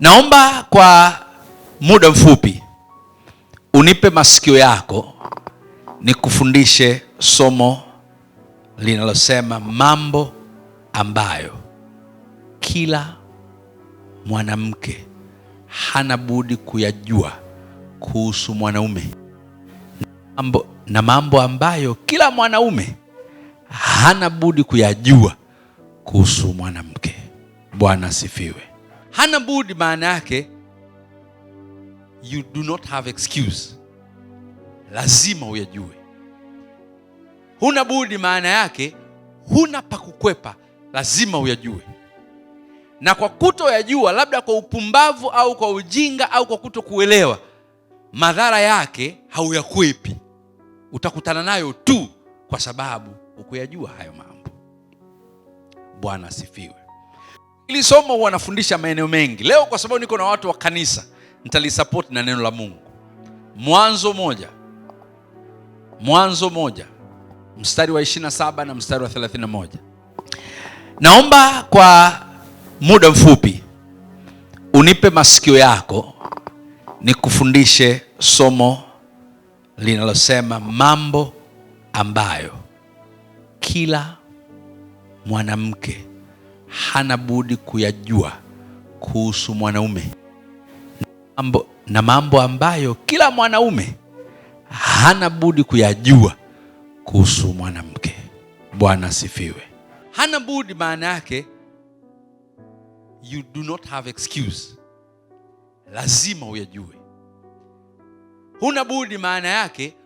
Naomba kwa muda mfupi unipe masikio yako nikufundishe somo linalosema mambo ambayo kila mwanamke hana budi kuyajua kuhusu mwanaume mambo, na mambo ambayo kila mwanaume hana budi kuyajua kuhusu mwanamke. Bwana asifiwe hana budi, maana yake you do not have excuse, lazima uyajue. Huna budi, maana yake huna pa kukwepa, lazima uyajue. Na kwa kutoyajua, labda kwa upumbavu au kwa ujinga au kwa kutokuelewa, madhara yake hauyakwepi, utakutana nayo tu, kwa sababu ukuyajua hayo mambo. Bwana asifiwe. Hili somo wanafundisha maeneo mengi. Leo kwa sababu niko na watu wa kanisa, nitalisapoti na neno la Mungu. Mwanzo moja, Mwanzo moja mstari wa 27 na mstari wa 31. Naomba kwa muda mfupi unipe masikio yako nikufundishe somo linalosema mambo ambayo kila mwanamke hana budi kuyajua kuhusu mwanaume na mambo, na mambo ambayo kila mwanaume hana budi kuyajua kuhusu mwanamke. Bwana asifiwe. Hana budi maana yake you do not have excuse, lazima uyajue. Huna budi maana yake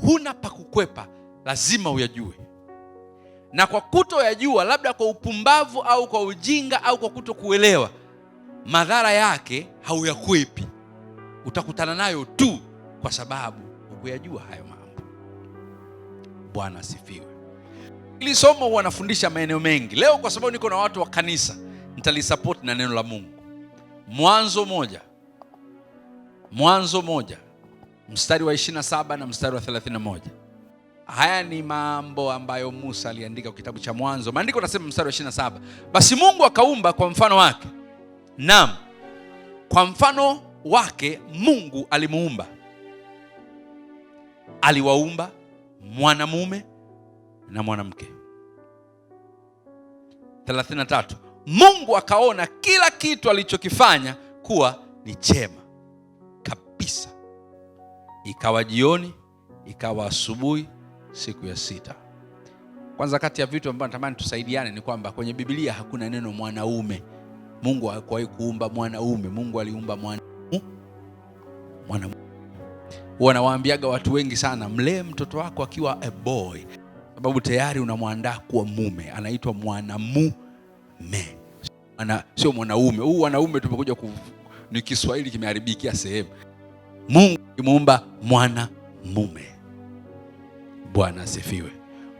huna pa kukwepa, lazima uyajue na kwa kutoyajua, labda kwa upumbavu au kwa ujinga au kwa kutokuelewa, madhara yake hauyakwepi, utakutana nayo tu, kwa sababu hukuyajua hayo mambo. Bwana asifiwe. Hili somo huwa nafundisha maeneo mengi. Leo kwa sababu niko na watu wa kanisa, nitalisapoti na neno la Mungu. Mwanzo moja, Mwanzo moja mstari wa 27 na mstari wa 31. Haya ni mambo ambayo Musa aliandika kitabu cha Mwanzo. Maandiko nasema mstari wa 27, basi Mungu akaumba kwa mfano wake, naam, kwa mfano wake Mungu alimuumba, aliwaumba mwanamume na mwanamke. 33, Mungu akaona kila kitu alichokifanya kuwa ni chema kabisa. Ikawa jioni, ikawa asubuhi siku ya sita. Kwanza kati ya vitu ambavyo natamani tusaidiane ni kwamba kwenye Biblia hakuna neno mwanaume. Mungu hakuwahi kuumba mwanaume. Mungu aliumba mwana mwana. Huwa nawaambiaga watu wengi sana, mlee mtoto wako akiwa a boy, sababu tayari unamwandaa kuwa mume. Anaitwa mwanamume, ana sio mwanaume. Huu wanaume tumekuja ku, ni Kiswahili kimeharibikia sehemu. Mungu alimuumba mwanamume. Bwana asifiwe.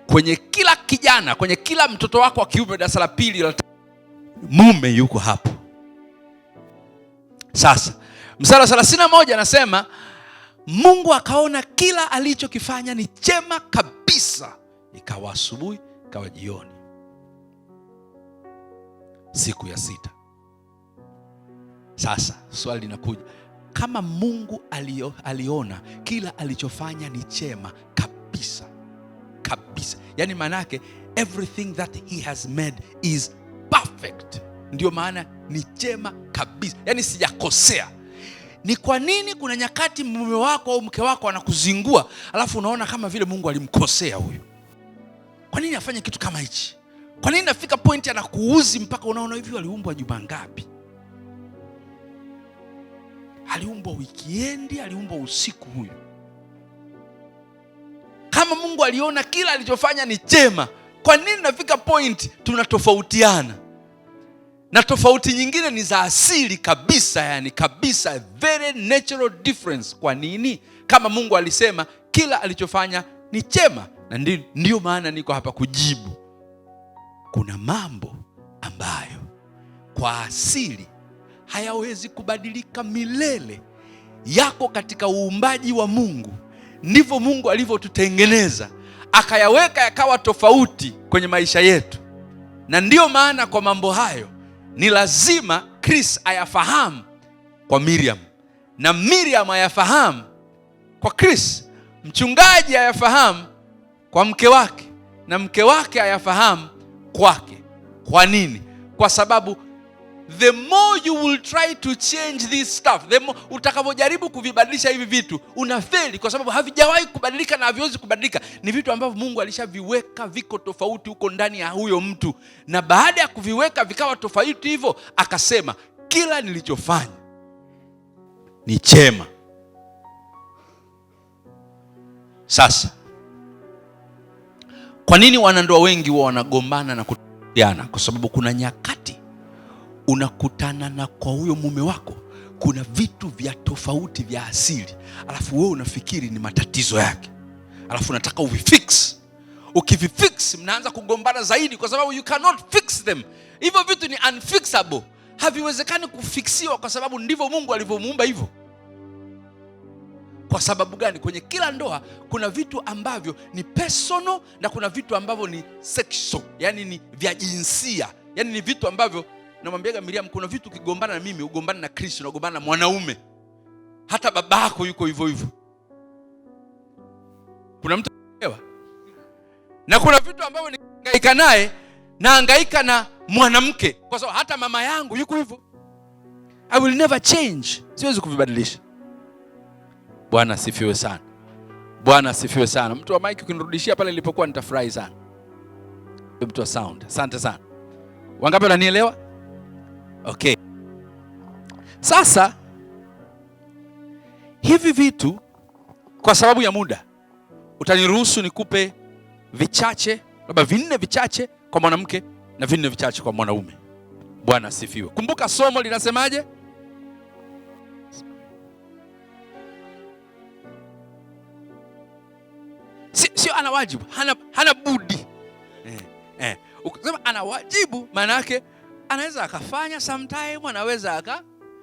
Kwenye kila kijana, kwenye kila mtoto wako wa kiume darasa la pili, mume yuko hapo. Sasa msara wa 31 anasema Mungu akaona kila alichokifanya ni chema kabisa, ikawa asubuhi, ikawa jioni, siku ya sita. Sasa swali linakuja, kama Mungu alio, aliona kila alichofanya ni chema yani maana everything that he has made is perfect, ndio maana ni chema kabisa, yani sijakosea. Ni kwa nini kuna nyakati mume wako au mke wako anakuzingua, alafu unaona kama vile Mungu alimkosea huyu? Kwa nini afanye kitu kama hichi? Kwa nini nafika pointi anakuuzi mpaka unaona hivi, aliumbwa juma ngapi? Aliumbwa wikiendi, aliumbwa usiku huyu kama Mungu aliona kila alichofanya ni chema, kwa nini nafika point tunatofautiana? Na tofauti nyingine ni za asili kabisa, yani kabisa, very natural difference. Kwa nini? Kama Mungu alisema kila alichofanya ni chema, na ndiyo, maana niko hapa kujibu. Kuna mambo ambayo kwa asili hayawezi kubadilika milele, yako katika uumbaji wa Mungu ndivyo Mungu alivyotutengeneza akayaweka yakawa tofauti kwenye maisha yetu, na ndiyo maana kwa mambo hayo ni lazima Chris ayafahamu kwa Miriam na Miriam ayafahamu kwa Chris, mchungaji ayafahamu kwa mke wake na mke wake ayafahamu kwake. Kwa nini? Kwa sababu the more you will try to change this stuff, the more utakapojaribu kuvibadilisha hivi vitu una feli kwa sababu havijawahi kubadilika na haviwezi kubadilika. Ni vitu ambavyo Mungu alishaviweka viko tofauti huko ndani ya huyo mtu, na baada ya kuviweka vikawa tofauti hivyo, akasema kila nilichofanya ni chema. Sasa kwa nini wanandoa wengi huwa wanagombana na kutofautiana? Kwa sababu kuna nyakati unakutana na kwa huyo mume wako kuna vitu vya tofauti vya asili, alafu wewe unafikiri ni matatizo yake, alafu unataka uvifix. Ukivifix mnaanza kugombana zaidi, kwa sababu you cannot fix them. Hivyo vitu ni unfixable, haviwezekani kufiksiwa, kwa sababu ndivyo Mungu alivyomuumba hivyo. Kwa sababu gani? Kwenye kila ndoa kuna vitu ambavyo ni personal na kuna vitu ambavyo ni sexual, yani ni vya jinsia, yani ni vitu ambavyo namwambiaga Miriam, kuna vitu ukigombana na mimi ugombana na Kristo, unagombana na mwanaume. Hata babako yuko hivyo hivyo. Kuna mtu anaelewa? Na kuna vitu ambavyo nihangaika naye nahangaika na mwanamke, kwa sababu hata mama yangu yuko hivyo. I will never change, siwezi kuvibadilisha. Bwana asifiwe sana. Bwana asifiwe sana. Mtu wa mike ukinirudishia pale nilipokuwa nitafurahi sana. Mtu wa sound, asante sana. Wangapi wananielewa? Okay. Sasa hivi vitu kwa sababu ya muda utaniruhusu nikupe vichache, labda vinne vichache kwa mwanamke na vinne vichache kwa mwanaume. Bwana asifiwe. Kumbuka somo linasemaje? Sio si, ana wajibu, hana, hana budi eh, eh. Ukisema ana wajibu maana yake anaweza akafanya, sometime anaweza aka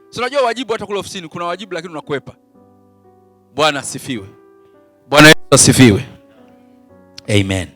si unajua wajibu hata kule ofisini kuna wajibu, lakini unakwepa. Bwana asifiwe. Bwana Yesu asifiwe. Amen.